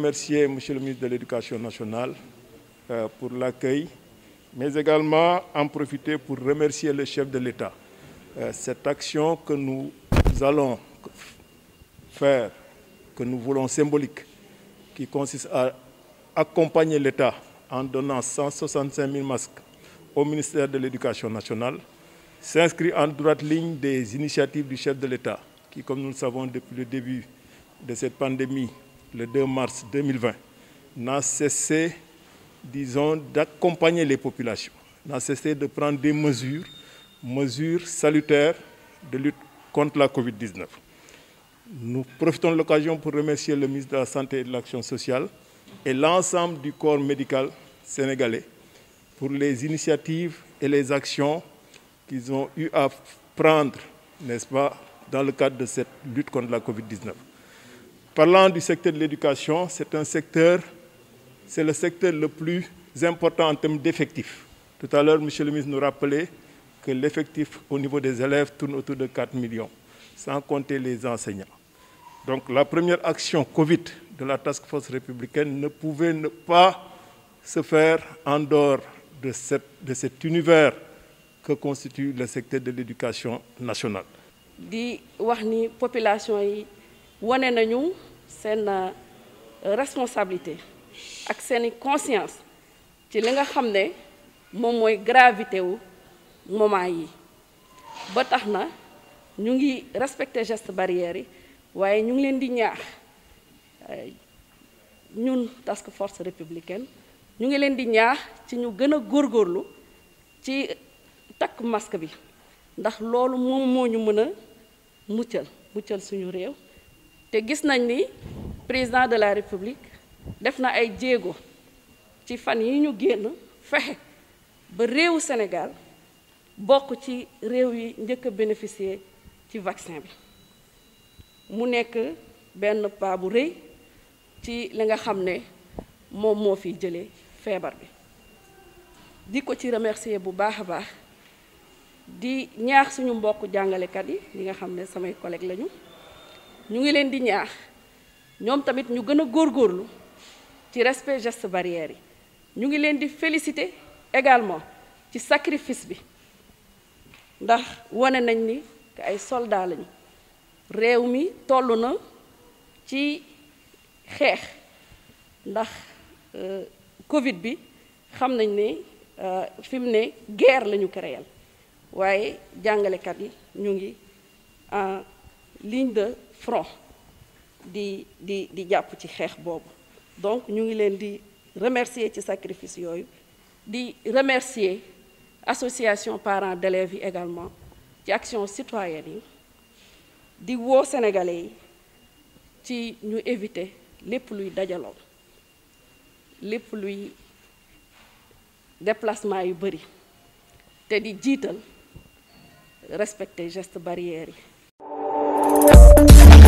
remercier M. le ministre de l'Éducation nationale euh, pour l'accueil, mais également en profiter pour remercier le chef de l'État. Euh, cette action que nous allons faire, que nous voulons symbolique, qui consiste à accompagner l'État en donnant 165 000 masques au ministère de l'Éducation nationale, s'inscrit en droite ligne des initiatives du chef de l'État, qui, comme nous le savons depuis le début de cette pandémie, le 2 mars 2020, n'a cessé, disons, d'accompagner les populations, n'a cessé de prendre des mesures, mesures salutaires de lutte contre la COVID-19. Nous profitons de l'occasion pour remercier le ministre de la Santé et de l'Action sociale et l'ensemble du corps médical sénégalais pour les initiatives et les actions qu'ils ont eu à prendre, n'est-ce pas, dans le cadre de cette lutte contre la COVID-19. Parlant du secteur de l'éducation, c'est un le secteur le plus important en termes d'effectifs. Tout à l'heure, M. le ministre nous rappelait que l'effectif au niveau des élèves tourne autour de 4 millions, sans compter les enseignants. Donc la première action Covid de la Task Force républicaine ne pouvait ne pas se faire en dehors de, cet univers que constitue le secteur de l'éducation nationale. wane nañu seen euh, responsabilité ak seeni conscience ci li nga xam ne moom mooy gravité wu moment yi ba tax na ñu ngi respecter geste barrière yi waaye ñu ngi leen di ñaax euh, ñun task force républicaine ñu ngi leen di ñaax ci ñu gën a góorgóorlu ci takk masque bi ndax loolu moom moo ñu mën a muccal muccal suñu réew te gis nañ ni président de la république def na ay jéego ci fan yi ñu génn fexe ba réewu Sénégal bokk ci réew yi njëkk a bénéficier ci vaccin bi mu nekk benn pas bu rëy ci li nga xam ne moom moo fi jëlee feebar bi di ko ci remercier bu baax a baax di ñaax suñu mbokk jàngalekat yi li nga xam ne samay collègues lañu ñu ngi leen di ñaax ñoom tamit ñu gën a góorlu ci respect geste barrière yi ñu ngi leen di félicité également ci sacrifice bi ndax wane nañ ni ay soldats lañu réew mi toll na ci xeex ndax euh, Covid bi xam nañ ni euh, fi mu ne guerre lañu ñu créé waaye jàngalekat yi ñu ngi ligne de front di di di japp ci xex bobu donc ñu ngi leen di remercier ci sacrifice remercier association parents d'élèves également ci action citoyenne yi di wo sénégalais yi ci ñu éviter pluies luy les pluies luy déplacement yu bari te di jiital respecter geste barrière yi Thank you.